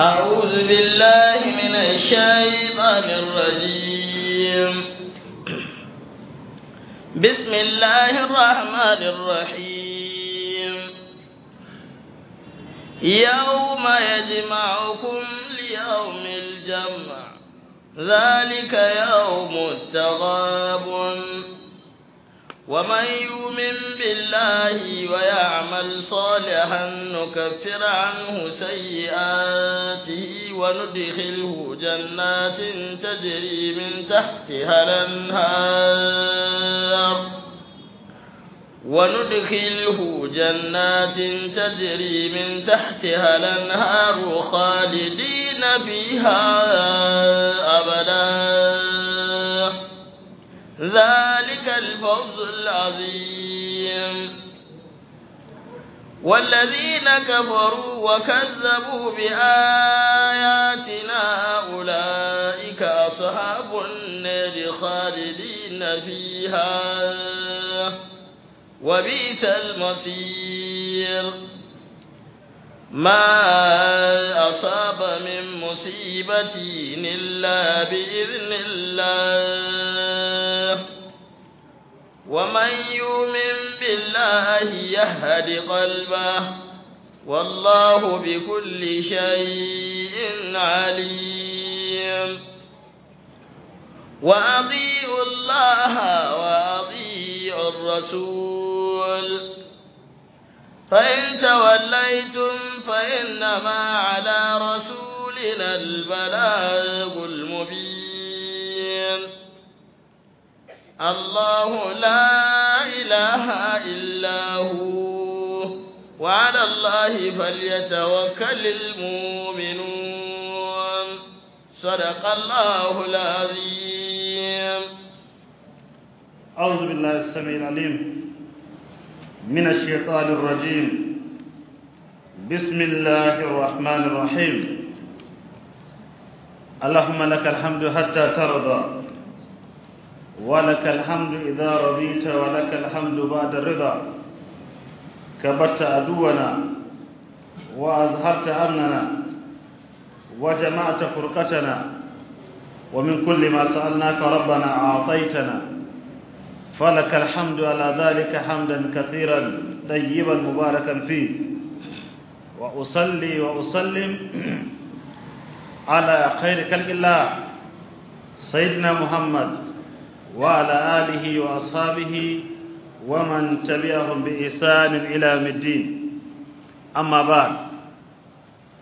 أعوذ بالله من الشيطان الرجيم بسم الله الرحمن الرحيم يوم يجمعكم ليوم الجمع ذلك يوم التغابن ومن يؤمن بالله ويعمل صالحا نكفر عنه سيئاته وندخله جنات تجري من تحتها الانهار وندخله جنات تجري من تحتها الانهار خالدين فيها ابدا ذلك الفوز العظيم والذين كفروا وكذبوا بآياتنا أولئك أصحاب النار خالدين فيها وبئس المصير ما أصاب من مصيبة إلا بإذن الله ومن يؤمن بالله يهد قلبه والله بكل شيء عليم وأطيعوا الله وأطيعوا الرسول فإن توليتم فإنما على رسولنا البلاغ المبين الله لا إله إلا هو وعلى الله فليتوكل المؤمنون صدق الله العظيم أعوذ بالله السميع العليم من الشيطان الرجيم بسم الله الرحمن الرحيم اللهم لك الحمد حتى ترضى ولك الحمد إذا رضيت ولك الحمد بعد الرضا كبت عدونا وأظهرت أمننا وجمعت فرقتنا ومن كل ما سألناك ربنا أعطيتنا فلك الحمد على ذلك حمدا كثيرا طيبا مباركا فيه وأصلي وأسلم على خير خلق الله سيدنا محمد وعلى آله وأصحابه ومن تبعهم بإحسان إلى يوم الدين أما بعد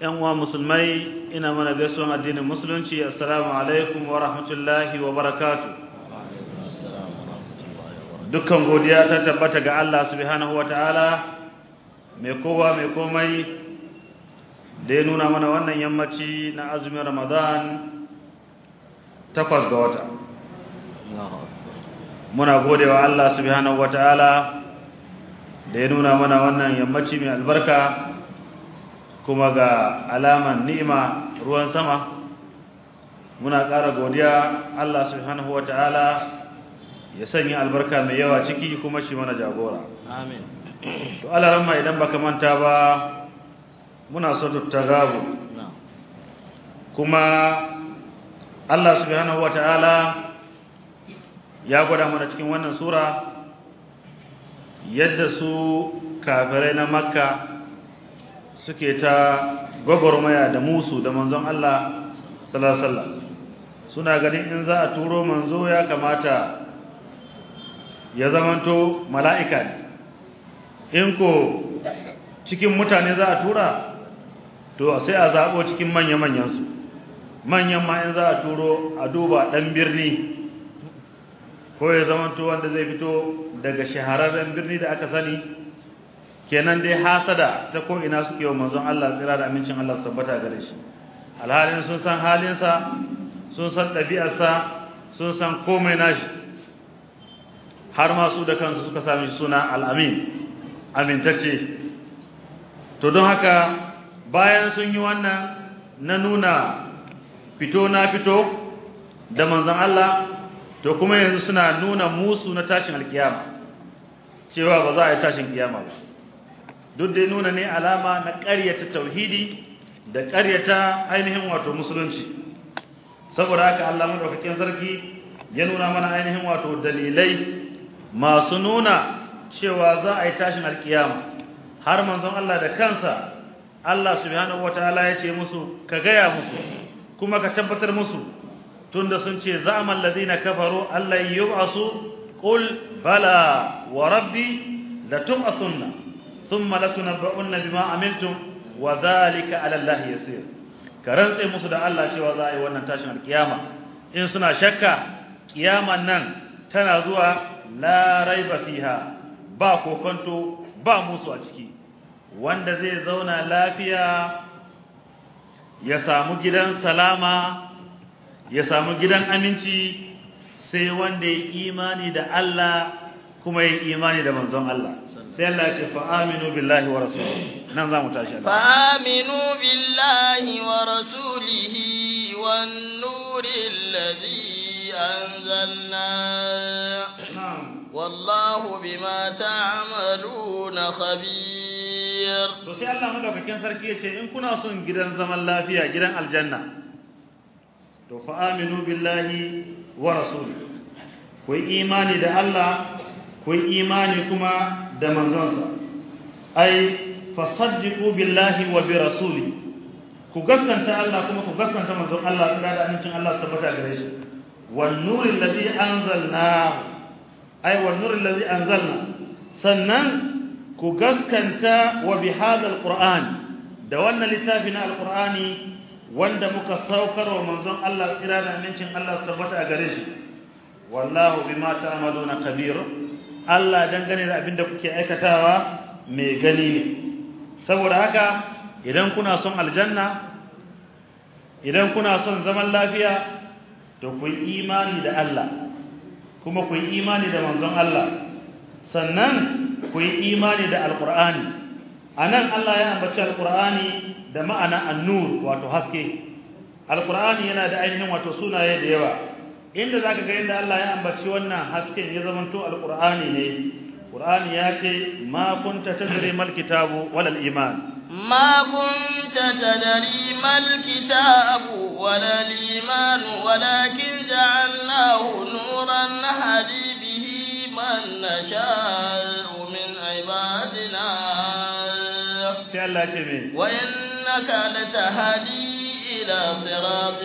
أيها مسلمي إن من بيسون الدين المسلم السلام عليكم ورحمة الله وبركاته dukkan godiya ta tabbata ga Allah subhanahu wa ta’ala mai kowa mai komai da ya nuna mana wannan yammaci na azumin Ramadan takwas ga wata muna godewa Allah subhanahu wataala da ya nuna mana wannan yammaci mai albarka kuma ga alaman ni'ima ruwan sama muna ƙara godiya Allah subhanahu wataala ya sanya albarka mai yawa ciki kuma shi mana jagora amin to Allah idan baka manta ba muna so tagabu kuma Allah subhanahu wataala ya gwada mana cikin wannan sura yadda su kafirai na makka suke ta gwagwarmaya da musu da manzon Allah sallallahu alaihi suna ganin in za a turo manzo ya kamata ya zamanto mala'ika ne in ko cikin mutane za a tura to sai a zabo cikin manya-manyan su manyan ma in za a turo a duba dan birni ko ya zamanto wanda zai fito daga shahararren birni da aka sani kenan dai hasada ta ko ina suke wa manzon Allah tsira da amincin Allah tabbata gare shi alhalin sun san halinsa sun san ɗabi'arsa sun san komai nashi har ma su da kansu suka sami suna al-amin amintacce to don haka bayan sun yi wannan na nuna fito na fito da manzon Allah to kuma yanzu suna nuna musu na tashin alkiyama cewa ba za a yi tashin kiyama ba duk dai nuna ne alama na ƙaryata tauhidi da ƙaryata ainihin wato musulunci saboda haka Allah madaukakin sarki ya nuna mana ainihin wato dalilai masu nuna cewa za a yi tashin alkiyama har manzon Allah da kansa Allah subhanahu wataala ya ce musu ka gaya musu kuma ka tabbatar musu tunda sun ce za'ama allazina kafaru allan yub'asu qul bala wa rabbi latub'asunna thumma latunabba'unna bima amiltum wa dhalika 'ala allahi yasir karantse musu da Allah cewa za a yi wannan tashin alkiyama in suna shakka kiyaman nan tana zuwa la raiba fiha ba kokonto ba musu a ciki wanda zai zauna lafiya ya samu gidan salama ya samu gidan aminci sai wanda ya imani da Allah kuma ya imani da manzon Allah sai Allah ya ce fa aminu billahi wa rasulihi nan zamu tashi Allah fa aminu billahi wa rasulihi wan nuril ladhi anzalna wallahu bima ta'maluna khabir to sai Allah madaukakin sarki ya ce in kuna son gidan zaman lafiya gidan aljanna to fa aminu billahi wa rasuli ku imani da Allah ku imani kuma da manzonsa ai fasaddiqu billahi wa bi rasuli ku gaskanta Allah kuma ku gaskanta manzon Allah kuma da amincin Allah tabbata gare shi wan nuril ladhi anzalna ai wan nuril ladhi anzalna sannan ku gaskanta wa bi hadha alquran da wannan littafin alqurani wanda muka saukar wa manzon Allah kira da amincin Allah tabbata a gare shi wallahu bima ta'maluna kabir Allah dangane da abinda kuke aikatawa mai gani ne saboda haka idan kuna son aljanna idan kuna son zaman lafiya to ku imani da Allah kuma ku imani da manzon Allah sannan ku imani da alqur'ani anan Allah ya ambaci alqur'ani da ma'ana annur, wato haske alqur'ani yana da ainihin wato sunaye da yawa inda zaka ga inda Allah ya ambaci wannan hasken ya zamanto alqur'ani ne qur'ani ya ce ma kunta tadri mal kitabu wal iman ما كنت تدري ما الكتاب ولا الإيمان ولكن جعلناه نورا نهدي به من نشاء من عبادنا وإن إنك إلى صراط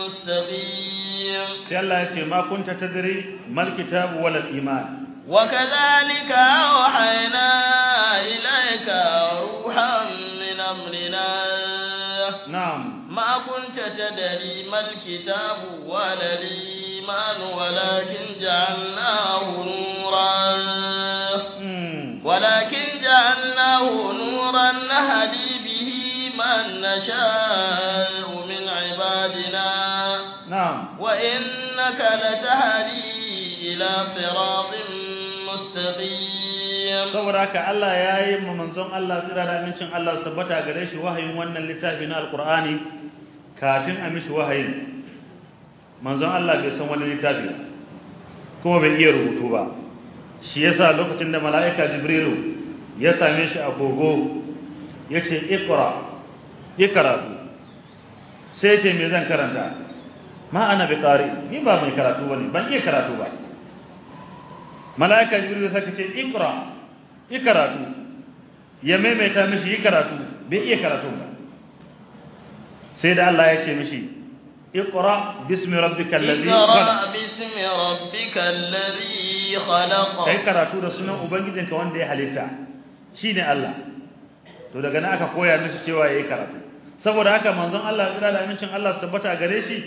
مستقيم الله يتي ما كنت تدري ما الكتاب ولا الإيمان وكذلك أوحينا إليك روحا من أمرنا نعم ما كنت تدري ما الكتاب ولا الإيمان ولكن جعلناه نورا ولكن جعلناه نورا نهدي نشاء من عبادنا نعم وإنك لتهدي إلى صراط مستقيم saboda Allah ya yi ma manzon Allah tsira da amincin Allah tabbata gare shi wahayin wannan littafi na alqur'ani kafin a mishi wahayin manzon Allah bai san wani littafi kuma bai iya rubutu ba shi yasa lokacin da mala'ika jibrilu ya same shi agogo ya ce iqra ya karatu sai ce me zan karanta ma ana bi qari ni ba mai karatu bane ban iya karatu ba malaika jibril sai ce ikra yi karatu ya maimaita mishi yi karatu bai iya karatu ba sai da Allah ya ce mishi اقرا bismi ربك الذي خلق اقرا باسم ربك الذي kai karatu da sunan ubangijinka wanda ya halitta shine Allah to daga nan aka koya mishi cewa yayi karatu saboda haka manzon Allah tsira da amincin Allah tabbata gare shi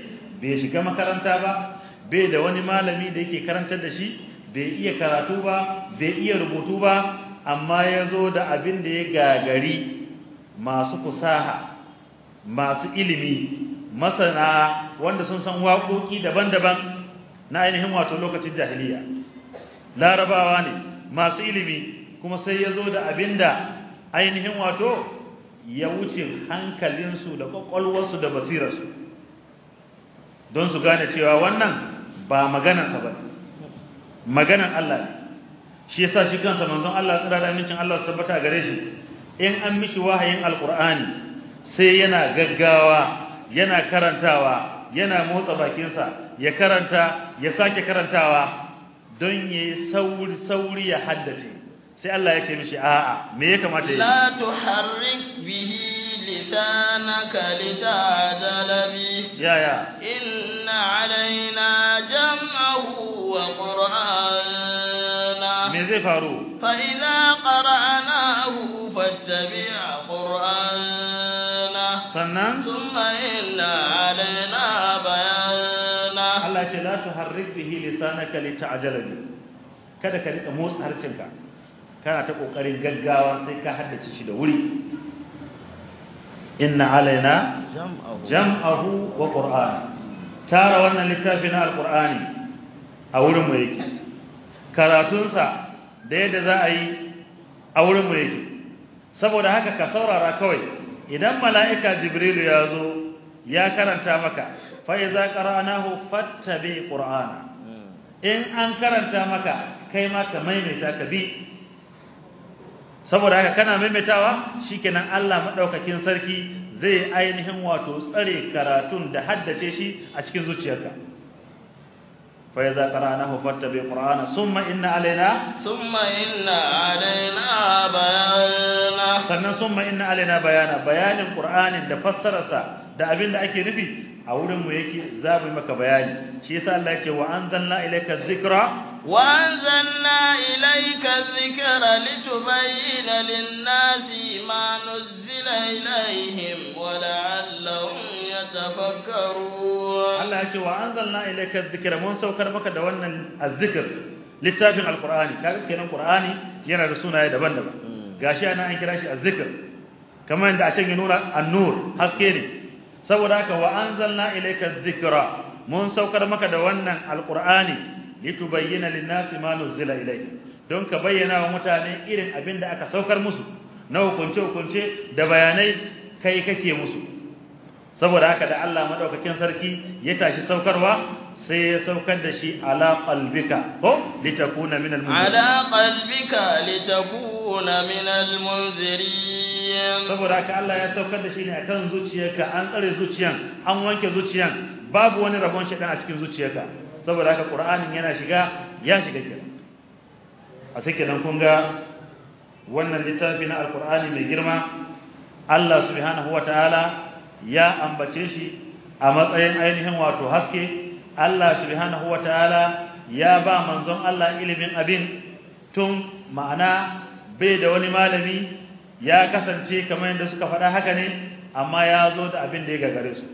bai shiga makaranta ba bai da wani malami da yake karantar da shi bai iya karatu ba bai iya rubutu ba amma yazo da abin da ya gagari masu kusaha masu ilimi masana wanda sun san waƙoƙi daban-daban na ainihin wato lokacin jahiliya larabawa ne masu ilimi kuma sai yazo da abin da. ainihin wato ya wuce hankalinsu da kwakwalwarsu da basirarsu don su gane cewa wannan ba maganarsa ba maganar Allah shi yasa shi kansa manzon Allah tsira da amincin Allah su tabbata gare shi in an mishi wahayin alqur'ani sai yana gaggawa yana karantawa yana motsa bakinsa ya karanta ya sake karantawa don yayi sauri sauri ya haddace sai Allah ya ce mishi a'a me ya kamata yi la tuharrik bihi lisanaka litajala bi ya ya inna alaina jam'ahu wa qur'ana me zai faru fa idza qara'nahu fattabi' qur'ana sannan thumma illa alaina bayana Allah ce la tuharrik bihi lisanaka litajala bi kada ka rika motsa harcinka kana ta kokarin gaggawa sai ka haddace shi da wuri inna alaina jam'ahu wa qur'an tara wannan littafin alqur'ani a wurin mu yake karatun sa da yadda za a yi a wurin mu yake saboda haka ka saurara kawai idan mala'ika jibril ya zo ya karanta maka fa iza qara'nahu fattabi qur'ana hmm. in an karanta maka kai ma ka maimaita ka bi saboda haka kana maimaitawa shikenan Allah madaukakin sarki zai ainihin wato tsare karatun da haddace shi a cikin zuciyarka fa yaza qara'nahu fattabi qur'ana summa inna alaina summa inna alaina bayana sannan summa inna alaina bayana bayanin qur'anin da fassararsa da abin da ake nufi a wurin mu yake za mu maka bayani shi yasa Allah yake wa anzalna ilayka dhikra وأنزلنا إليك الذكر لتبين للناس ما نزل إليهم ولعلهم يتفكرون الله أكبر وأنزلنا إليك الذكر من سوى كرمك دوانا الذكر لسافر القرآن كيف كان القرآن ينا رسولنا يدبان دبا قاشي أنا أنك راشي الذكر كما عند عشان نور النور حسكيني سوى وأنزلنا إليك الذكر من سوى كرمك دوانا القرآن litubayyana lin ma nuzila ilayhi don ka bayyana wa mutane irin abin da aka saukar musu na hukunce hukunce da bayanai kai kake musu saboda haka da Allah madaukakin sarki ya tashi saukarwa sai ya saukar da shi ala qalbika ko litakuna minal munzirin ala qalbika litakuna minal munzirin saboda haka Allah ya saukar da shi ne akan zuciyarka an tsare zuciyan an wanke zuciyan babu wani rabon shedan a cikin zuciyarka saboda haka qur'anin yana shiga ya shiga kenan a sake nan kun ga wannan littafi na alqur'ani mai girma Allah subhanahu wataala ya ambace shi a matsayin ainihin wato haske Allah subhanahu wataala ya ba manzon Allah ilimin abin tun ma'ana bai da wani malami ya kasance kamar yadda suka faɗa haka ne amma ya zo da abin da ya gagare su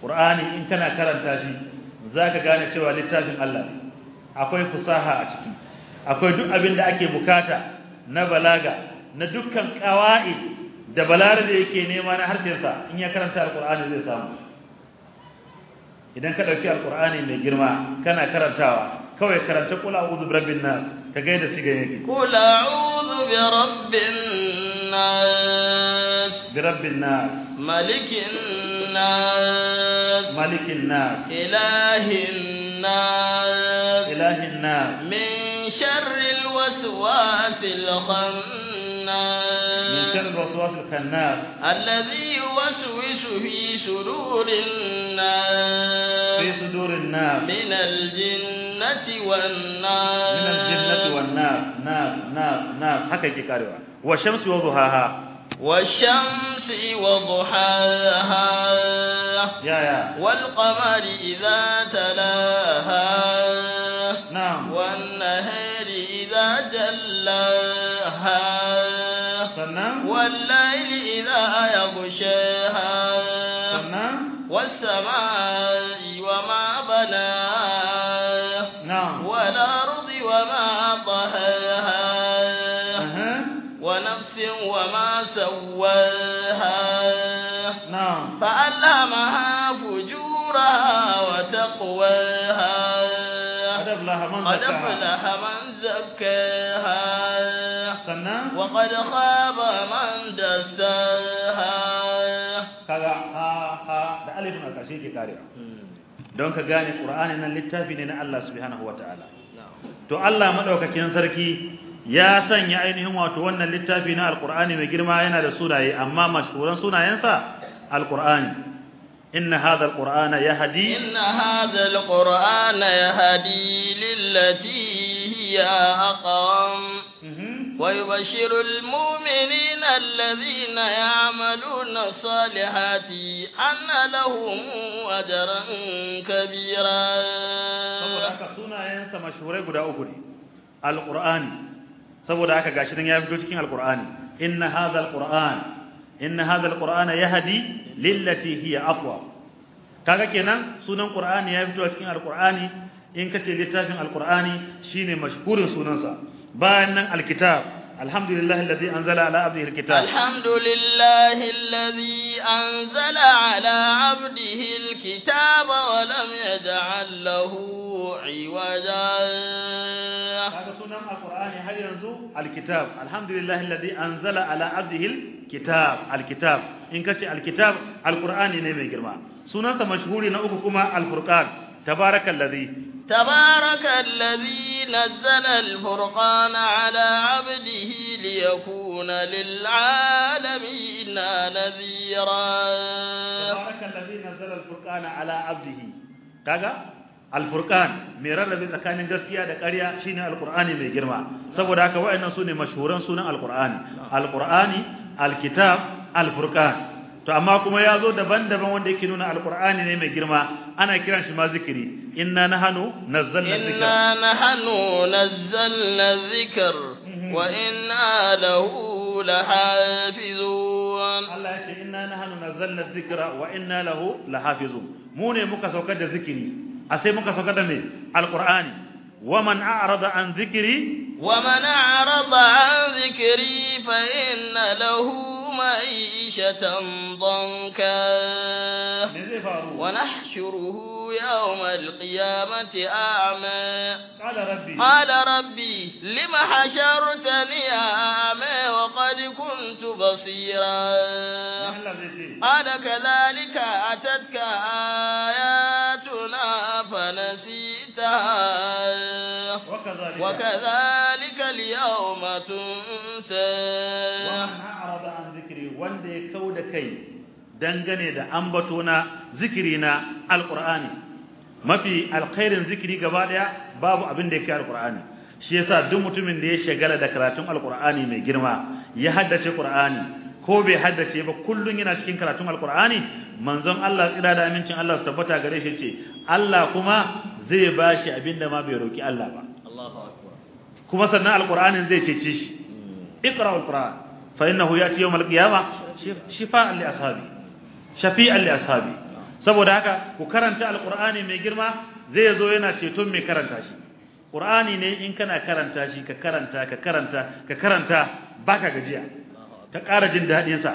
Qur'ani in kana karanta shi zaka gane cewa littafin Allah akwai fusaha a ciki akwai duk abin da ake bukata na balaga na dukkan kawai da balar da yake nema na harshen sa in ya karanta alqur'ani zai samu idan ka dauki alqur'ani mai girma kana karantawa kawai karanta qul a'udhu birabbin nas ka kaga yadda siga yake qul a'udhu birabbin nas birabbin nas malikin nas ملك النار إله النار إله النار من شر الوسواس الخناس من شر الوسواس الخناس الذي يوسوس في صدور الناس في صدور الناس من الجنة والنار من الجنة والنار نار نار نار حكى كاروا والشمس وضحاها والشمس وضحاها يا يا والقمر إذا تلاها نعم والنهار إذا جلاها سنة والليل إذا يغشاها سنة والسماء وما بناها نعم والأرض وما طهاها ونفس وما سواها فألهمها فجورها وتقواها قد أفلح من زكاها وقد خاب من دساها kaga ha ha da alifin a ƙarshe ke karewa don ka gane qur'ani nan littafi ne na Allah subhanahu wataala to Allah maɗaukakin sarki ya sanya ainihin wato wannan littafi na alqur'ani mai girma yana da sunaye amma mashhuran sunayensa القرآن إن هذا القرآن يهدي إن هذا القرآن يهدي للتي هي أقوم ويبشر المؤمنين الذين يعملون الصالحات أن لهم أجرا كبيرا مشهوري غدا uku ne alqur'ani saboda haka gashi nan ya fito cikin alqur'ani inna hadha alqur'an inna hadha alqur'ana yahdi lillati hiya aqwa kaga kenan sunan qur'ani ya fito a cikin alqur'ani in kace littafin alqur'ani shine mashhurin sunansa bayan nan alkitab الحمد لله الذي أنزل على عبده الكتاب الحمد لله الذي أنزل على عبده kitab alhamdulillahi anzala ala abdihi alkitab in kace alkitab alqur'ani ne mai girma sunansa mashuri na uku kuma alfurqan tabarakallazi tabarakallazi nazzala alfurqana ala abdihi liyakuna lilalamin nadhira tabarakallazi nazzala alfurqana ala abdihi kaga Al-Furqan mai rarrabe tsakanin gaskiya da ƙarya shine Al-Qur'ani mai girma saboda haka waɗannan sune mashhuran sunan Al-Qur'ani Al-Qur'ani Al-Kitab Al-Furqan to amma kuma yazo daban-daban wanda yake nuna Al-Qur'ani ne mai girma ana kiran shi ma zikiri inna nahnu nazzalna dhikra inna nahnu nazzalna dhikr wa inna lahu lahafizun Allah ya ce inna nahnu nazzalna dhikra wa inna lahu lahafizun mu ne muka saukar da zikiri اسيمك سكتني القران ومن اعرض عن ذكري ومن اعرض عن ذكري فان له معيشه ضنكا ونحشره يوم القيامه اعمى قال ربي لما حشرتني اعمى وقد كنت بصيرا قال كذلك اتتك ايات وكذلك اليوم تنسى wanda ya kauda kai dangane da na zikiri na alqur'ani mafi alkhairin zikiri gaba daya babu abin da yake alqur'ani shi yasa duk mutumin da ya shagala da karatun alqur'ani mai girma ya haddace qur'ani ko bai haddace ba kullun yana cikin karatun alqur'ani manzon Allah tsira da amincin Allah su tabbata gare shi ce Allah kuma zai bashi abinda ma bai roki Allah ba kuma sannan alqur'anin zai cece shi iqra alqur'an fa innahu yati yawm alqiyama shifa'an li ashabi shafi'an li ashabi saboda haka ku karanta alqur'ani mai girma zai zo yana ceton mai karanta shi qur'ani ne in kana karanta shi ka karanta ka karanta ka karanta baka gajiya ka ƙara jin dadin sa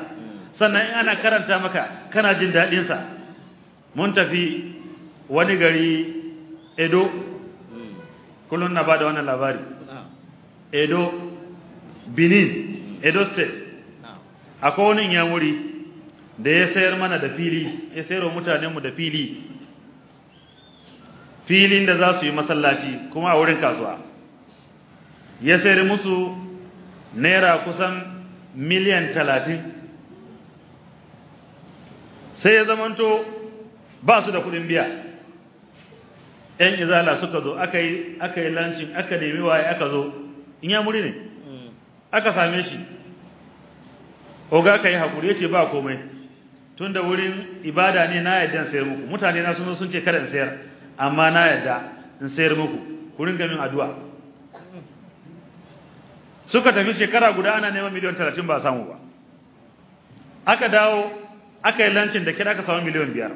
sannan in ana karanta maka kana jin dadin sa mun tafi wani gari Edo kullun na bada wannan labari edo benin edo state akwai wani yamuri da ya sayar mana da fili ya sayar wa mutanenmu da fili filin da za su yi masallaci kuma a wurin kasuwa ya sayar musu naira kusan miliyan talatin sai ya zamanto ba su da kudin biya ‘yan izala suka zo aka yi lancin aka nemi waye aka zo in ya muri ne mm. aka same shi oga kai hakuri yace ba komai tunda wurin ibada ne na yadda sayar muku mutane na sun sun ce kada in sayar amma na yadda in sayar muku ku ringa min addu'a suka tafi shekara guda ana neman miliyan 30 ba samu ba aka dawo aka yi lancin da kira aka samu miliyan 5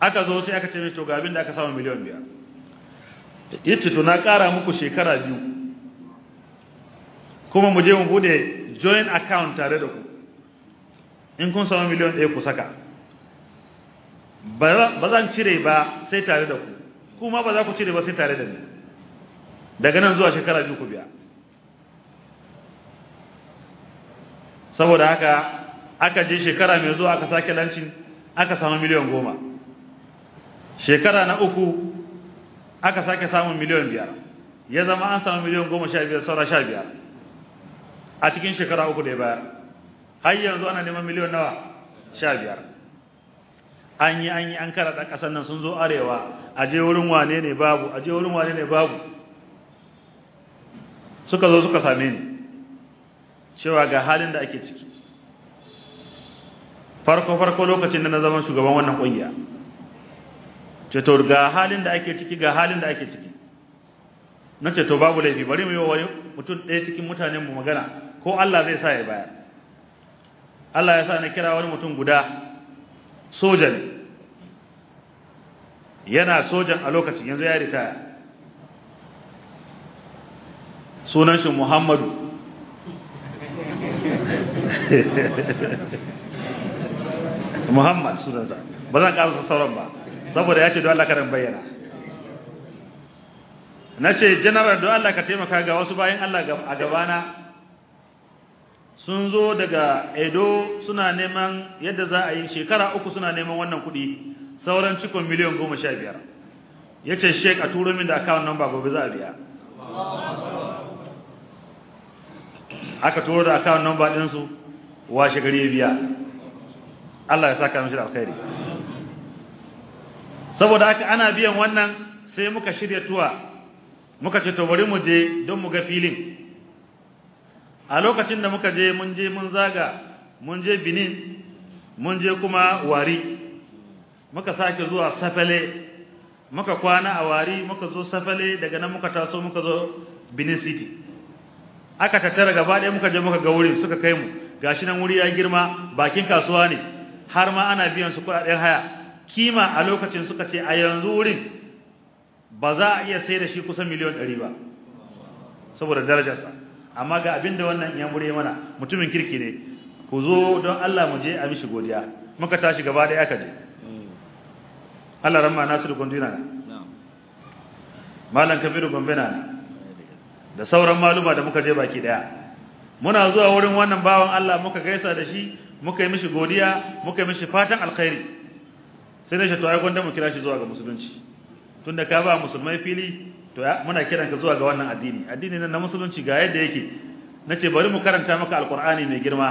aka zo sai aka ce to ga abin da aka samu miliyan 5 yace to na kara muku shekara biyu kuma mu je mu bude joint account tare da ku in kun samu miliyan ɗaya ku saka ba zan cire ba sai tare da ku kuma ba za ku cire ba sai tare da ni daga nan zuwa shekara biyu ku biya saboda haka aka je shekara mai zuwa aka sake lancin aka samu miliyan goma shekara na uku aka sake samun miliyan biyar ya zama an samu miliyan goma sha biyar saura sha biyar a cikin shekara uku da ya bayar har yanzu ana neman miliyan nawa sha biyar an yi an yi an karaɗa ƙasar nan sun zo arewa a je wurin wane ne babu a je wurin wane ne babu suka zo suka same ni cewa ga halin da ake ciki farko farko lokacin da na zama shugaban wannan ƙungiya ce to ga halin da ake ciki ga halin da ake ciki ce to babu laifi bari mu yi wayo mutum ɗaya cikin mutanen mu magana ko Allah zai sa ya baya Allah ya sa na kira wani mutum guda soja ne yana sojan a lokacin yanzu ya ritaya sunan shi Muhammadu Muhammad sunansa ba zan ƙara sauran ba saboda ya ce don Allah karin bayyana na ce general don Allah ka taimaka ga wasu bayan Allah a gabana sun zo daga Edo suna neman yadda za a yi shekara uku suna neman wannan kuɗi sauran cikon miliyan goma sha biyar ya ce shek a turo min da account number gobe za a biya aka turo da account number ɗinsu washe gari ya biya Allah ya saka mishi da alkhairi saboda haka ana biyan wannan sai muka shirya tuwa muka ce to bari mu je don mu ga filin a lokacin da muka je mun je mun zaga mun je Benin mun je kuma Wari muka sake zuwa Safale muka kwana a Wari muka zo Safale daga nan muka taso muka zo Benin City aka tattara gaba ɗaya muka je muka ga wurin suka kai mu gashi nan wuri ya girma bakin kasuwa ne har ma ana biyan su kuɗaɗen haya kima a lokacin suka ce a yanzu wurin ba za a iya sai da shi kusan miliyan 100 ba saboda darajarsa amma ga abinda wannan ya mure mana mutumin kirki ne ku zo don Allah mu je a mishi godiya muka tashi gaba da aka je Allah ramma nasiru gondina malam kabiru gombena da sauran maluma da muka je baki daya muna zuwa wurin wannan bawan Allah muka gaisa da shi muka yi mishi godiya muka yi mishi fatan alkhairi sai da shi to ai gonda mu kira shi zuwa ga musulunci tunda ka ba musulmai fili to muna kiran ka zuwa ga wannan addini addini nan na musulunci ga yadda yake nace bari mu karanta maka alqur'ani mai girma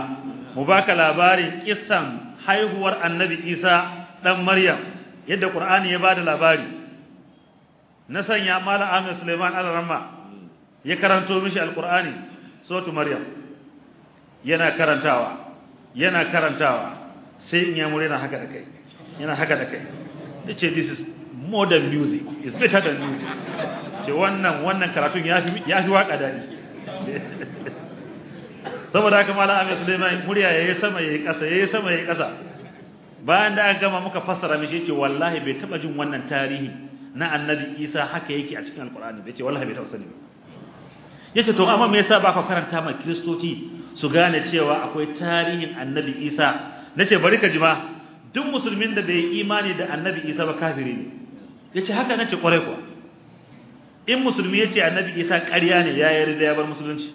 mu baka labarin kissan haihuwar annabi Isa dan Maryam yadda qur'ani ya bada labari na sanya malam Ahmed Suleiman al-Ramma ya karanto mishi alqur'ani suratu Maryam yana karantawa yana karantawa sai in ya murena haka da kai yana haka da kai yace this is more than music is better than music ce wannan wannan karatun yafi yafi waka dadi saboda haka malam Ahmed Sulaiman murya yayi sama yayi kasa yayi sama yayi kasa bayan da aka gama muka fassara mishi yace wallahi bai taba jin wannan tarihi na annabi Isa haka yake a cikin alqur'ani yace wallahi bai taba sani ba yace to amma me yasa ba ka karanta ma kristoci su gane cewa akwai tarihin annabi Isa nace bari ka jima duk musulmin da bai imani da annabi isa ba kafiri ne yace haka nace kware kuwa in musulmi yace annabi isa ƙarya ne ya yi yarda ya bar musulunci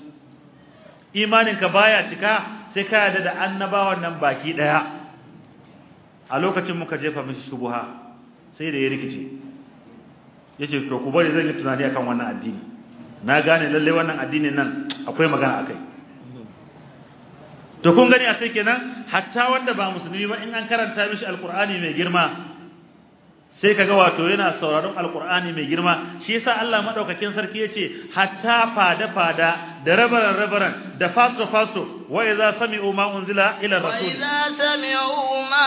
imanin ka baya cika sai ka yarda da annabawan nan baki daya a lokacin muka jefa musu subha sai da ya rikice yace to ku bari zan yi tunani akan wannan addini na gane lalle wannan addinin nan akwai magana akai to kun gani a sai kenan hatta wanda ba musulmi ba in an karanta mishi alqur'ani mai girma sai kaga wato yana sauraron alqur'ani mai girma shi yasa Allah madaukakin sarki yace hatta fada fada da rabaran rabaran da fasto fasto wa idza sami'u ma unzila ila rasul wa idza sami'u ma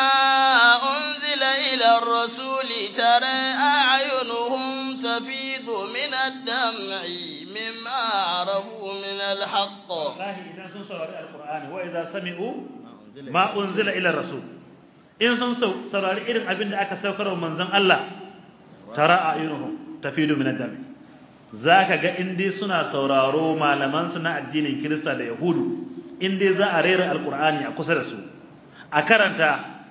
unzila ila rasul tara a'yunuhum tafidu min ad-dam'i mimma arafu min al-haqq wallahi idan sun saurari Qur'ani wa idza sami'u ma unzila ila rasul in sun saurari irin abin da aka wa manzon Allah tara ayunuhum tafidu min ad dami zaka ga indai suna sauraro malaman su na addinin Kirista da Yahudu indai za a rera al-Qur'ani a kusa da su a karanta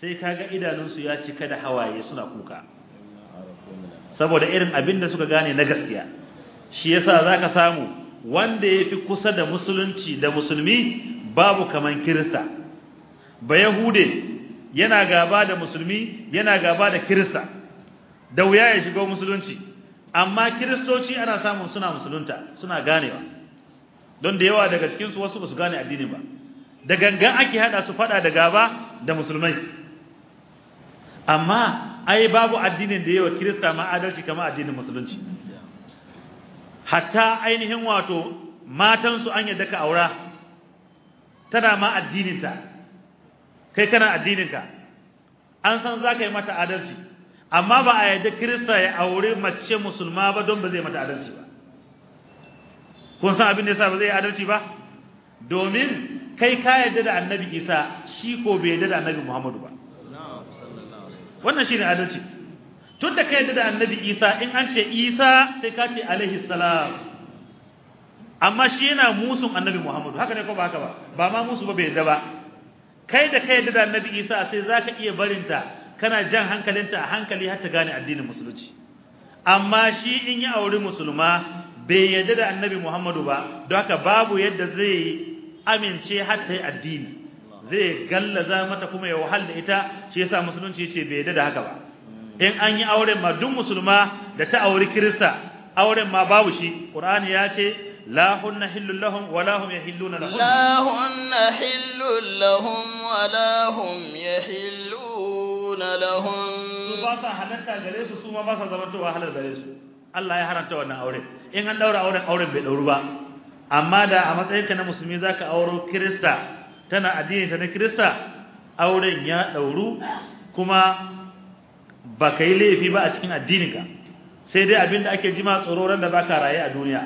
sai kaga idanunsu ya cika da hawaye suna kuka saboda irin abin da suka gane na gaskiya shi yasa zaka samu wanda ya fi kusa da musulunci da musulmi babu kaman kirista ba yahude yana gaba da musulmi yana gaba da kirista da wuya ya shigo musulunci amma kiristoci ana samun suna musulunta suna ganewa don da yawa daga cikin su wasu ba su gane addini ba da gangan ake hada su fada da gaba da musulmai amma ai babu addinin da yawa kirista ma adalci kamar addinin musulunci hatta ainihin wato matan su an yadda ka aura tana ma addinin kai kana addinin ka an san zaka yi mata adalci amma ba a yadda Kirista ya aure mace musulma ba don ba zai mata adalci ba kun san abin da yasa ba zai adalci ba domin kai ka yadda da annabi Isa shi ko bai yadda da annabi Muhammadu ba wannan shine adalci tunda da ka da annabi isa in an ce isa sai ka ce alaihi salam amma shi yana musun annabi Muhammadu haka ne ko ba haka ba ba ma musu ba bai da ba kai da kai da annabi Isa sai zaka iya barinta kana jan hankalinta a hankali har ta gane addinin musulunci amma shi in ya aure musulma bai yadda da annabi Muhammadu ba don haka babu yadda zai amince har ta yi addini zai gallaza mata kuma ya wahala ita shi yasa musulunci ce bai yadda da haka ba in an yi auren ma duk musulma da ta auri kirista auren ma babu shi qur'ani ya ce la hunna hillul lahum wa lahum yahilluna lahum la hunna hillul lahum wa lahum yahilluna lahum su ba sa halatta gare su su ma ba sa zamantowa halal gare su Allah ya haranta wannan aure in an daura auren auren bai dauru ba amma da a matsayinka na musulmi zaka auro kirista tana addini ta na kirista auren ya dauru kuma ba kai laifi ba a cikin addininka sai dai abinda ake jima tsororan da baka raye a duniya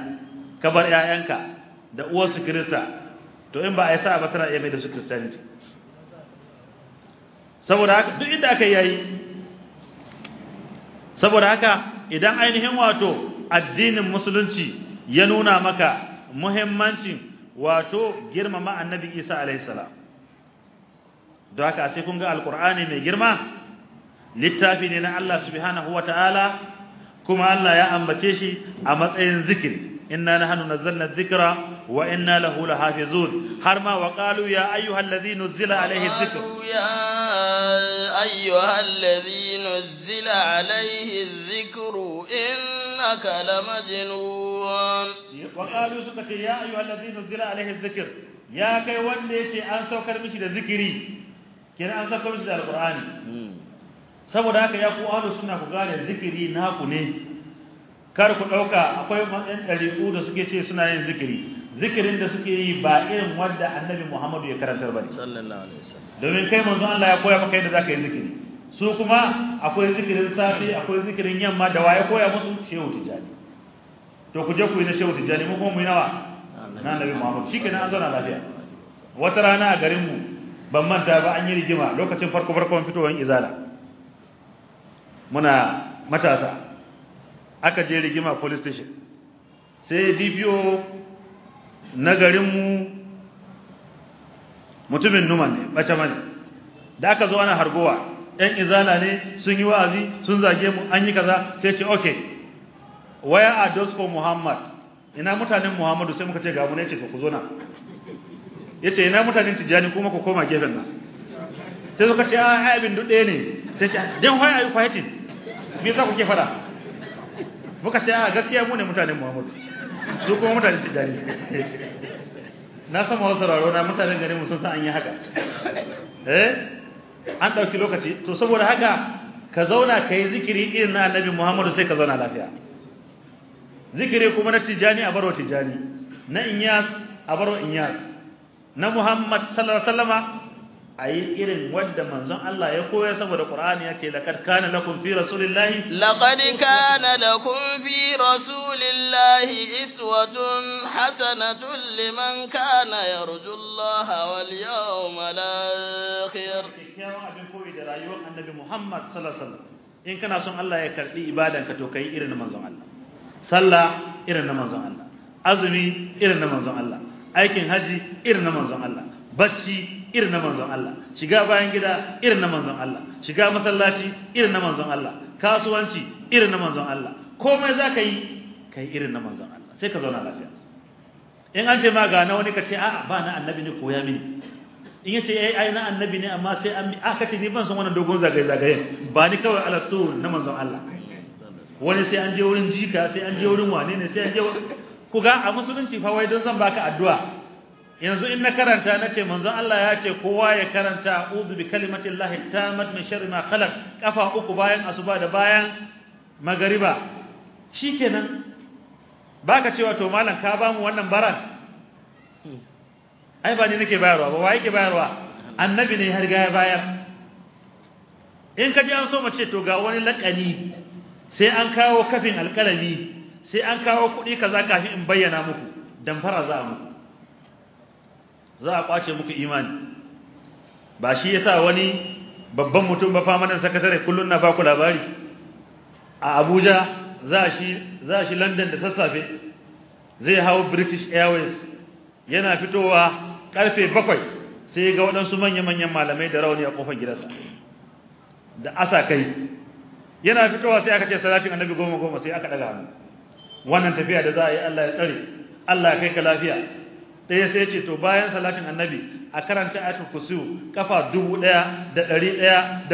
ka bar 'ya'yanka da uwarsu kirista to in ba a yi ba tana iya mai da su kristanci saboda haka duk inda aka yayi saboda haka idan ainihin wato addinin musulunci ya nuna maka muhimmancin wato girmama annabi Isa alaihi salam don haka sai kun ga alqur'ani mai girma littafi ne na Allah subhanahu wa ta'ala kuma Allah ya ambace shi a matsayin zikiri inna nahnu nazzalna dhikra wa inna lahu lahafizun har ma waqalu ya ayyuhal ayyuhalladhi nuzila alayhi dhikru ya ayyuhal ayyuhalladhi nuzila alayhi dhikru innaka lamajnun waqalu qalu ya ayyuhal ya nuzila alayhi dhikr ya kai wanda yace an saukar miki da zikiri kina an saukar miki da alqur'ani saboda haka ya ku ahlus sunna ku gane zikiri naku ne kar ku dauka akwai ɗan ɗari'u da suke ce suna yin zikiri zikirin da suke yi ba irin wanda annabi Muhammadu ya karantar bane sallallahu alaihi wasallam domin kai manzo Allah ya koya maka yadda zaka yi zikiri su kuma akwai zikirin safi akwai zikirin yamma da waye koya musu shehu tijani to ku je ku yi na shehu tijani mu kuma mu yi nawa na annabi Muhammadu shikenan an zauna lafiya wata rana a garin mu ban manta ba an yi rigima lokacin farko farkon fitowar izala muna matasa aka je rigima police station sai DPO na mu mutumin numan ne bace mane da aka zo ana harbowa ɗan izana ne sun yi wa'azi sun zage mu an yi kaza sai ce okay where are those for muhammad ina mutanen muhammadu sai muka ce ga mu ne ce ku zo na yace ina mutanen tijani kuma ku koma gefen nan sai suka ce a ah, abin duk ɗaya ne sai ce then why are you fighting me yasa kuke fara muka ce a gaskiya mu ne mutanen Muhammadu su kuma mutanen Tijani na san wasu raro na mutanen garin mu sun san an yi haka eh an dauki lokaci to saboda haka ka zauna kai zikiri irin na Annabi Muhammadu sai ka zauna lafiya zikiri kuma na Tijani a barwa Tijani na Inyas a barwa Inyas na Muhammad sallallahu alaihi wasallama ayi irin wanda manzon Allah ya koya saboda Qur'ani yace laqad kana lakum fi rasulillahi laqad kana lakum fi rasulillahi iswatun hasanatun liman kana yarjullaha wal yawmal akhir kyakkyawan abin koyi da rayuwar annabi Muhammad sallallahu alaihi wasallam in kana son Allah ya karbi ibadanka to kai irin manzon Allah sallah irin na manzon Allah azumi irin na manzon Allah aikin haji irin na manzon Allah bacci irin na manzon Allah shiga bayan gida irin na manzon Allah shiga masallaci irin na manzon Allah kasuwanci irin na manzon Allah komai zaka yi kai irin na manzon Allah sai ka zauna lafiya in an ce ma ga na wani kace a'a ba na annabi ne koya mini in yace ai eh, ai na annabi ne amma sai an aka ce ni ban san wannan dogon zagaye zagaye ba ni kawai alatu na manzon Allah wani sai an je wurin jika sai an je wurin wane ne sai an je ku ga a musulunci fa wai don zan baka addu'a yanzu in na karanta nace manzon Allah ya ce kowa ya karanta a'udhu bi kalimati llahi tammat min sharri ma khalaq kafa uku bayan asuba da bayan magariba shikenan baka cewa to malam ka ba mu wannan baran ai ba ni nake bayarwa ba wai ke bayarwa annabi ne har ga bayar in ka ji an so mace to ga wani lakani sai an kawo kafin alkalami sai an kawo kuɗi kaza kafin in bayyana muku damfara fara za muku za a kwace muku imani ba shi yasa wani babban mutum ba fama nan sakatare kullun na faku labari a Abuja za shi za shi London da sassafe zai hawo British Airways yana fitowa karfe 7 sai ga waɗansu manya-manyan malamai da rauni a kofar gidansa da asa kai yana fitowa sai aka ce salatin annabi goma goma sai aka daga hannu wannan tafiya da za a yi Allah ya tsare Allah ya kai ka lafiya ɗaya sai ce to bayan salatin annabi a karanta ayatul kursi kafa 1111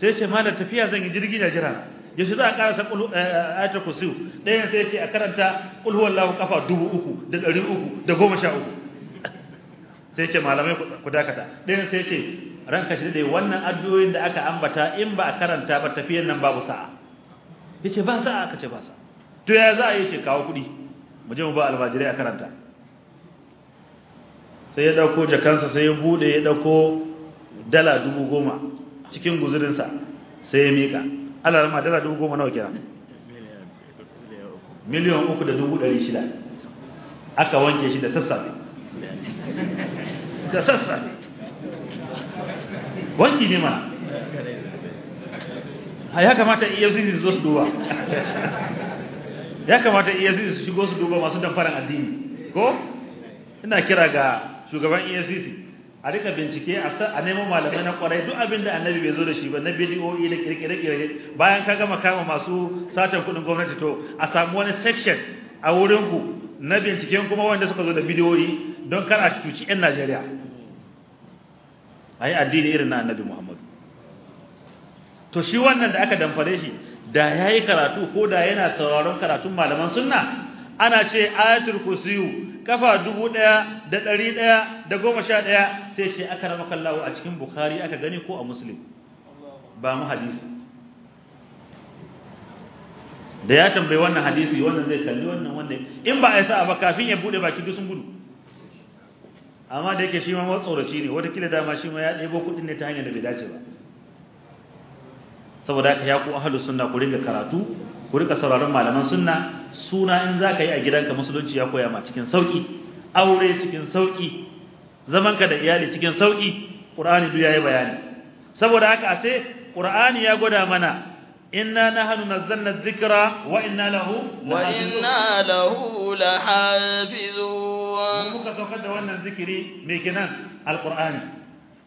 sai ce malam tafiya zan yi jirgi da jira yace za a karanta eh, eh, ayatul kursiyu ɗaya sai ce a karanta qul huwallahu kafa 3313 sai ce malamai ku dakata ɗaya sai ce ranka shi dai wannan addu'o'in da aka ambata in ba a karanta ba tafiyan nan babu sa'a yace ba sa'a aka ce ba sa'a to ya za a yi ce kawo kuɗi mu je mu ba almajirai a karanta sai ya dauko jakansa sai ya bude ya dauko dala dubu goma cikin sa sai ya mika Allah ma dala dubu goma nawa kira miliyan uku da dubu ɗari shida aka wanke shi da sassafe da sassafe wanki ne ma ya kamata EFCC zo su duba ya kamata EFCC su shigo su duba masu damfaran addini ko ina kira ga shugaban EFCC a rika bincike a nemo malamai na kwarai duk abin da annabi bai zo da shi ba na bidiyoyi da kirkire-kirkire bayan ka gama kama masu satan kudin gwamnati to a samu wani section a wurin ku na binciken kuma wanda suka zo da bidiyoyi don kar a cuci 'yan Najeriya ayi addini irin na annabi Muhammad to shi wannan da aka damfare shi da yayi karatu ko da yana sauraron karatun malaman sunna ana ce ayatul kursiyu kafa 1111 sai ce aka kallahu a cikin bukhari aka gani ko a muslim ba mu hadisi da ya tambaye wannan hadisi wannan zai kalli wannan wannan in ba a yasa ba kafin ya bude baki dusun gudu amma da yake shi ma tsoraci ne wata kila dama shi ma ya ɗebo kudin ne ta hanyar da bai dace ba saboda haka ya ku ahlus sunna ku ringa karatu ku ringa sauraron malaman sunna suna in zaka yi a gidanka musulunci ya koya ma cikin sauki aure cikin sauki zamanka da iyali cikin sauki qur'ani duk yayi bayani saboda haka sai qur'ani ya gwada mana inna nahnu nazzalna dhikra wa inna lahu wa inna lahu lahafizun muka sokar da wannan zikiri me kenan alqur'ani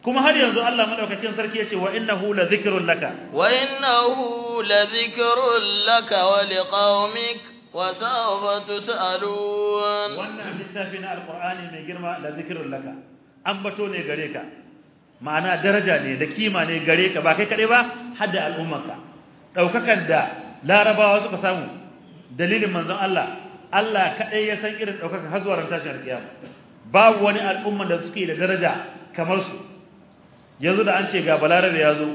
kuma har yanzu Allah madaukakin sarki yace wa innahu la zikrun laka wa innahu la zikrun laka wa liqaumik wa sawfa tusalun wannan littafi na alqur'ani mai girma la zikrun laka ambato ne gare ka ma'ana daraja ne da kima ne gare ka ba kai kade ba hadda al'ummarka daukakan da larabawa suka samu dalilin manzon Allah Allah kadai ya san irin daukaka har zuwa ran tashin kiyama babu wani al'umma da suke da daraja kamar su yanzu da an ce ga balarabe ya zo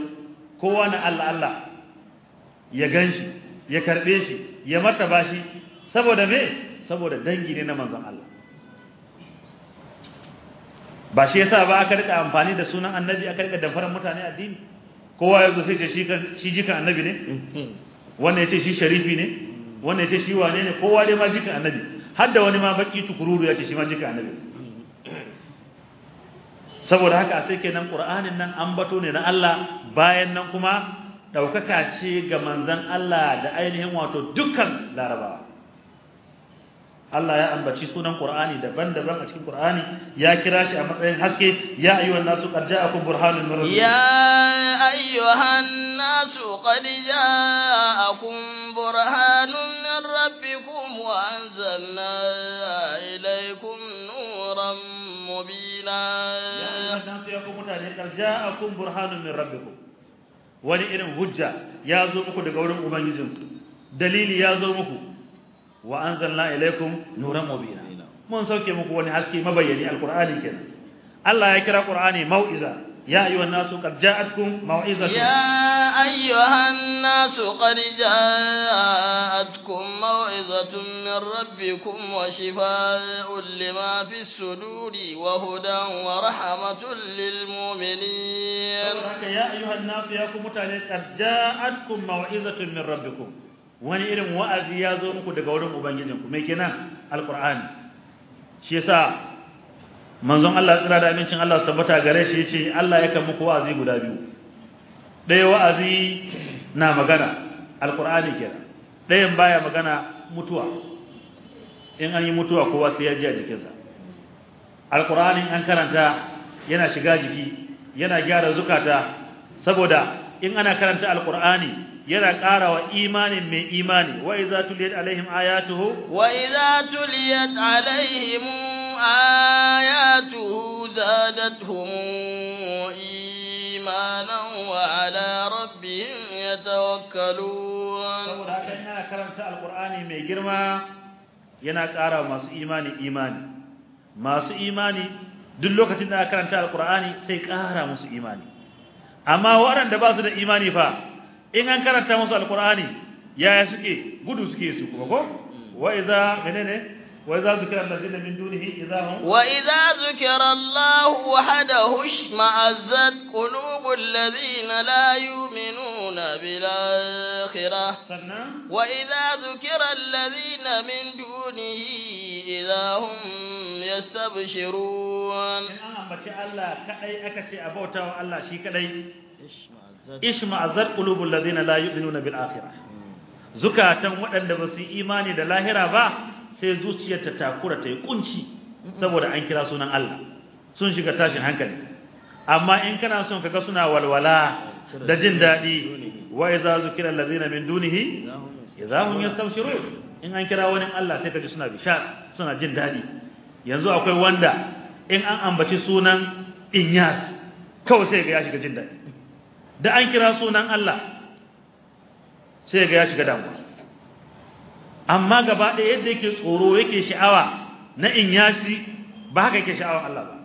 kowa na Allah Allah ya ganshi ya karbe shi ya martaba shi saboda me saboda dangi ne na manzon Allah ba shi yasa ba aka rika amfani da sunan annabi aka rika damfaran mutane addini kowa yazo sai ce shi shi jika annabi ne wannan yace shi sharifi ne wannan yace shi wane ne kowa dai ma jika annabi har da wani ma baki tukururu yace shi ma jika annabi saboda haka sai kenan qur'anin nan an bato ne na Allah bayan nan kuma daukaka ce ga manzon Allah da ainihin wato dukkan larabawa Allah ya ambaci sunan Qur'ani daban-daban a cikin Qur'ani ya kira shi a matsayin haske ya ayyuhan nasu qad ja'akum burhanun min ya ayyuhan nasu qad ja'akum burhanun rabbikum wa anzalna ja'akum burhanun min rabbikum wani irin hujja ya zo muku daga wurin ubangijin. dalili ya zo muku wa anzalna ilaykum nuran mubina mun sauke muku wani haske mabayyani alqur'ani kenan Allah ya kira qur'ani mau'iza يا أيها الناس قد جاءتكم موعظة يا أيها الناس قد جاءتكم موعظة من ربكم وشفاء لما في الصدور وهدى ورحمة للمؤمنين يا أيها الناس يا كمتالي قد جاءتكم موعظة من ربكم wani irin wa'azi ya zo muku daga wurin ubangijinku mai kenan alqur'ani shi yasa manzon Allah tsira da amincin Allah su tabbata gare shi yace Allah yakan muku wa'azi guda biyu ɗaya wa'azi na magana alqur'ani kenan ɗayan baya magana mutuwa in an yi mutuwa kowa sai ya ji a jikinsa alqur'ani an karanta yana shiga jiki yana gyara zukata saboda in ana karanta alqur'ani yana karawa imanin mai imani wa iza tuliyat alaihim ayatuhu wa iza tuliyat alaihim آياته زادتهم إيمانا وعلى ربهم يتوكلون saboda haka yana karanta alqur'ani mai girma yana ƙara masu imani imani masu imani duk lokacin da aka karanta alqur'ani sai ƙara musu imani amma waɗanda ba su da imani fa in an karanta musu alqur'ani yaya suke gudu suke su kuma ko mm. wa idza menene وإذا ذكر الذين من دونه إذا هم وإذا ذكر الله وحده اشمأزت قلوب الذين لا يؤمنون بالآخرة وإذا ذكر الذين من دونه إذا هم يستبشرون الله الله اشمأزت قلوب الذين لا يؤمنون بالآخرة زكاة وأن لبسي إيماني دا لاهرة با sai zuciyar ta takura ta yi kunci saboda an kira sunan Allah sun shiga tashin hankali amma in kana son kaga suna walwala da jin dadi wa iza zukira allazina min dunihi hum yastabshirun in an kira wani Allah sai kaji suna bisha suna jin dadi yanzu akwai wanda in an ambaci sunan inyas kawai sai ga ya shiga jin dadi da an kira sunan Allah sai ga ya shiga damuwa amma gaba ɗaya yadda yake tsoro yake sha'awa na in yashi ba haka yake sha'awa Allah ba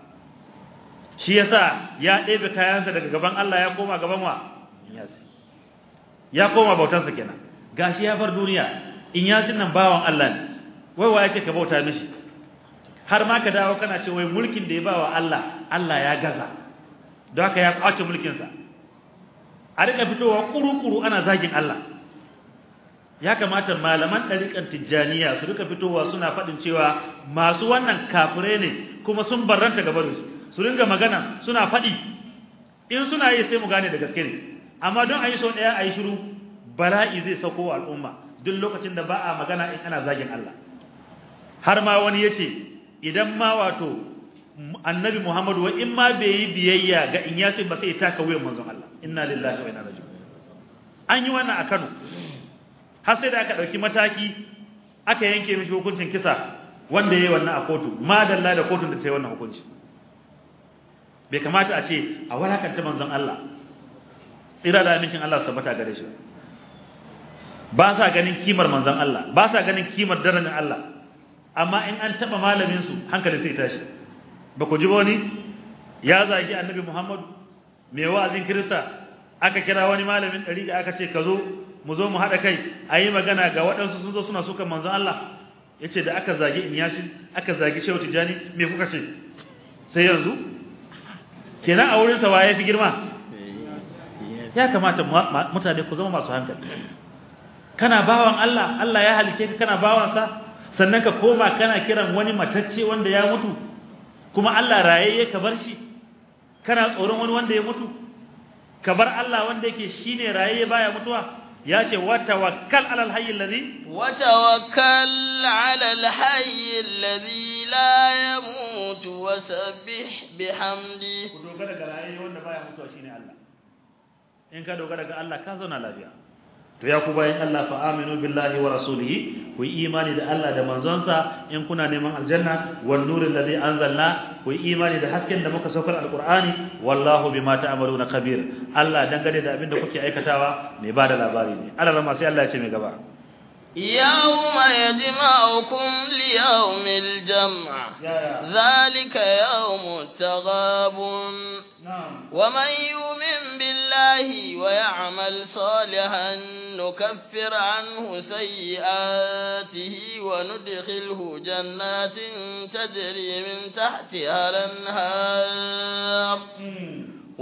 shi yasa ya ɗebe kayansa daga gaban Allah ya koma gaban wa yasi ya koma bautansa kenan gashi ya bar duniya in yasin nan bawan Allah ne wai wa yake ka bauta mishi har ma ka dawo kana ce wai mulkin da ya bawa Allah Allah ya gaza don haka ya kwace mulkin sa a rika fitowa kurukuru ana zagin Allah ya kamata malaman ɗariƙan tijjaniya su duka fitowa suna faɗin cewa masu wannan kafure ne kuma sun barranta gaba da su su ringa magana suna faɗi in suna yi sai mu gane da gaske ne amma don a yi sau ɗaya a yi shiru bala'i zai sauko wa al'umma duk lokacin da ba a magana in ana zagin Allah har ma wani ya ce idan ma wato annabi Muhammadu wa in ma bai yi biyayya ga in yasin ba sai ya taka wuyan manzon Allah inna lillahi wa inna ilaihi raji'un an yi wannan a Kano har sai da aka dauki mataki aka yanke mishi hukuncin kisa wanda yayi wannan a kotu dalla da kotun da ta yi wannan hukunci bai kamata a ce a walakanta manzon Allah tsira da amincin Allah su tabbata gare shi ba sa ganin kimar manzon Allah ba sa ganin kimar darajar Allah amma in an taba malamin su hankali sai tashi ba ku ji ba wani ya zagi annabi Muhammad mai wa'azin Kirista aka kira wani malamin dari da aka ce ka zo mu zo mu hada kai ayi magana ga waɗansu sun zo suna sukan manzon Allah yace da aka zage Inyashin aka zage Shehu Tijani me kuka ce sai yanzu kenan a wurin sa waye fi girma ya kamata mutane ku zama masu hankali kana bawan Allah Allah ya halice ka kana bawan sa sannan ka koma kana kiran wani matacce wanda ya mutu kuma Allah rayayye ka bar shi kana tsoron wani wanda ya mutu ka bar Allah wanda yake shine rayayye baya mutuwa yace watawakkal alal hayy alladhi watawakkal alal hayy alladhi la yamutu wasabbih bihamdi ku dogara ga rayi wanda baya mutuwa shine Allah in ka dogara ga Allah ka zauna lafiya to ya ku bayan Allah fa aminu billahi wa rasulihi ku imani da Allah da manzonsa in kuna neman aljanna wan da zai anzalna ku imani da hasken da muka saukar alqur'ani wallahu bima ta'maluna kabir Allah dangane da abin da kuke aikatawa mai bada labari ne Allah sai Allah ya ce mai gaba يوم يجمعكم ليوم الجمع ذلك يوم التغاب نعم. ومن يؤمن بالله ويعمل صالحا نكفر عنه سيئاته وندخله جنات تجري من تحتها الانهار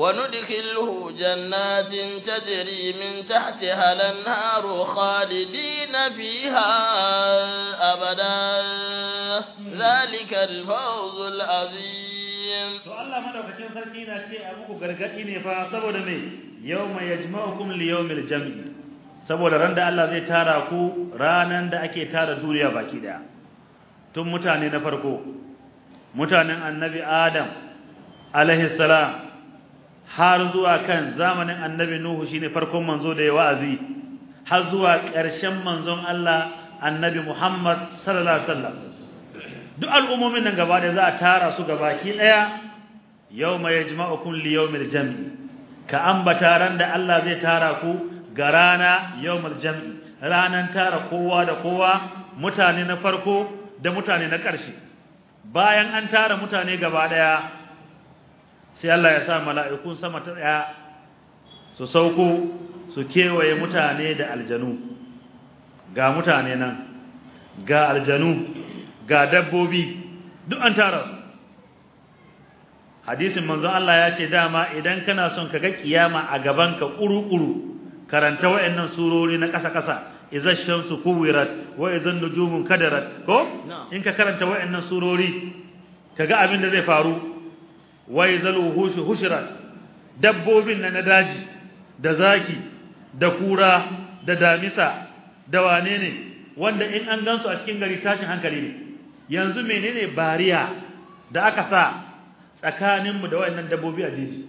وندخله جنات تجري من تحتها الانهار خالدين فيها ابدا ذلك الفوز العظيم يوم يجمعكم ليوم الجمع سبودا راندا الله زي تارا كو اكي تارا دوريا باكي ديا تون فرقو متانن النبي ادم عليه السلام har zuwa kan zamanin annabi nuhu shine farkon manzo da ya wa'azi har zuwa ƙarshen manzon Allah annabi Muhammad sallallahu alaihi wasallam duk al'ummomin nan gaba da za a tara su ki daya yauma yajma'ukum li yawmil jam'i ka ambata ran da Allah zai tara ku ga rana yawmil jam'i ranan tara kowa da kowa mutane na farko da mutane na ƙarshe bayan an tara mutane gaba daya sai Allah ya sa mala'ikun sama ta ɗaya su sauko su kewaye mutane da aljanu ga mutane nan ga aljanu ga dabbobi duk an tara su hadisin manzon Allah ya ce dama idan kana son ka ga kiyama a gaban ka kuru-kuru karanta wayannan surori na ƙasa-ƙasa idza su kuwirat wa idza nujumun kadarat ko in ka karanta wayannan surori kaga abin da zai faru wai zalu hushu dabbobin na daji da zaki da kura da damisa da wane ne wanda in an gansu a cikin gari tashin hankali ne yanzu menene bariya da aka sa tsakaninmu da wayannan dabbobi a jiji